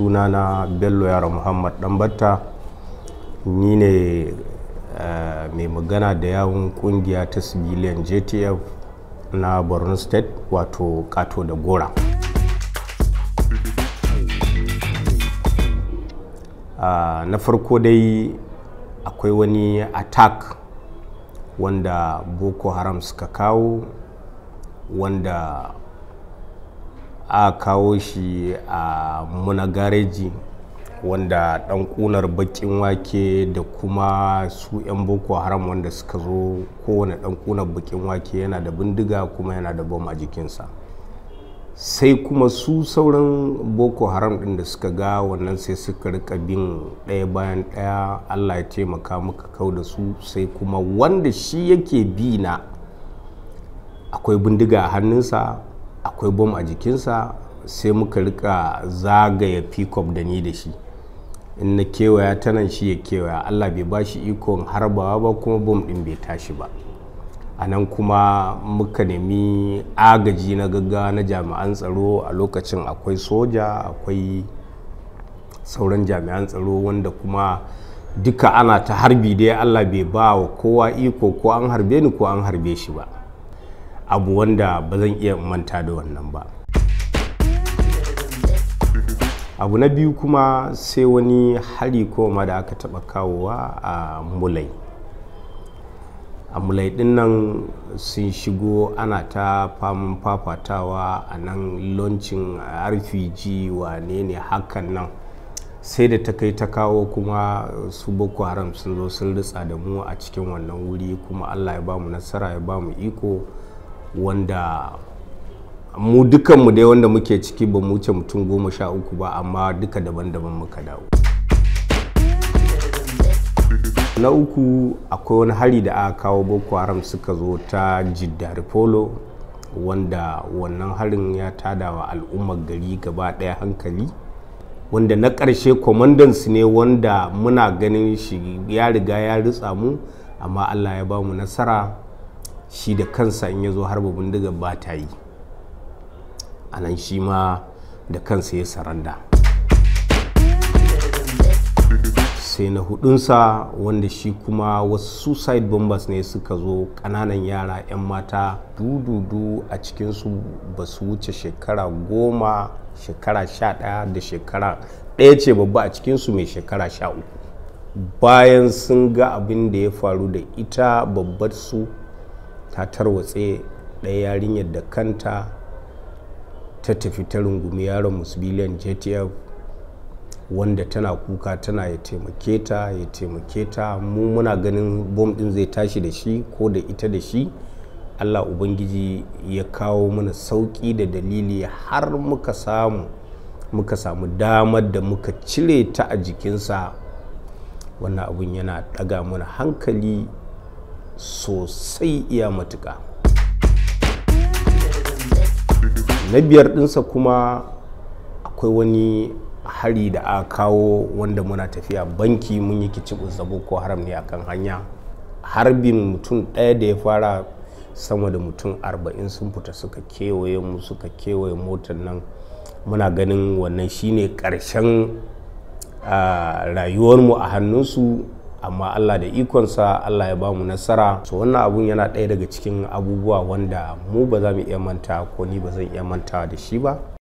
suna na bello yara muhammad danbatta ni ne eh, mai magana da yawun kungiya ta civilian jtf na borno state wato kato da gora ah, na farko dai akwai wani attack wanda boko haram suka kawo wanda a kawo shi a muna gareji wanda dan kunar bakin wake da kuma su 'yan boko haram wanda suka zo kowane dan kunar bakin wake yana da bindiga kuma yana da bom a jikinsa sai kuma su sauran boko haram din da suka ga wannan sai suka rika bin ɗaya bayan ɗaya allah ya taimaka muka kau da su sai kuma wanda shi yake bi na akwai bindiga a hannunsa akwai bom a jikinsa sai muka rika zagaya pickup da ni da shi in na kewaya ta shi ya kewaya allah bai ba shi ikon harbawa ba kuma bom din bai tashi ba a nan kuma muka nemi agaji na gaggawa na jami'an tsaro a lokacin akwai soja akwai sauran jami'an tsaro wanda kuma duka ana ta harbi dai allah bai ba wa kowa iko ko an harbe ni ko an harbe shi ba abu wanda ba zan iya manta da wannan ba abu na biyu kuma sai wani hari koma da aka taɓa kawowa a mulai a mulai din nan sun shigo ana ta faman fafatawa a nan launcin rpg wane ne hakan nan sai da ta kai ta kawo kuma su boko haram sun zo sun da mu a cikin wannan wuri kuma allah ya bamu nasara ya bamu iko wanda mu dukanmu dai wanda muke ciki ba mu wuce mutum goma sha uku ba amma duka daban-daban muka dawo na uku akwai wani hari da aka kawo boko haram suka zo ta jiddari polo wanda wannan harin ya tada wa al'ummar gari gaba daya hankali wanda na ƙarshe su ne wanda muna ganin shi ya riga ya ritsa mu amma allah ya ba mu nasara shi da kansa in ya zo harba bindigar ba ta yi a nan shi ma da kansa ya saranda sai na hudunsa wanda shi kuma wasu suicide bombers ne suka zo kananan yara 'yan mata dududu a cikinsu ba su wuce shekara goma shekara sha daya da shekara ɗaya ce babba a cikinsu mai shekara sha uku bayan sun ga abin da ya faru da ita babbar su ta tarwatse ɗaya yarinyar da kanta ta tafi ta rungumi yaron musbiliyan jtf wanda tana kuka tana ya taimake ta ya taimake ta mu muna ganin bom ɗin zai tashi da shi ko da ita da shi allah ubangiji ya kawo mana sauƙi da dalili har muka samu muka samu damar da muka cire ta a jikinsa wannan abun yana ɗaga mana hankali sosai iya matuka na biyar ɗinsa kuma akwai wani hari da a kawo wanda muna tafiya banki mun yi kici zabo ko haram ne akan hanya harbin mutum ɗaya da ya fara sama da mutum arba'in sun fita suka kewaye mu suka kewaye motar nan muna ganin wannan shine ƙarshen ah, rayuwarmu a hannunsu amma Allah da ikonsa Allah ya bamu nasara so wannan abun yana ɗaya daga cikin abubuwa wanda mu ba za mu iya manta ko ni ba zan iya manta da shi ba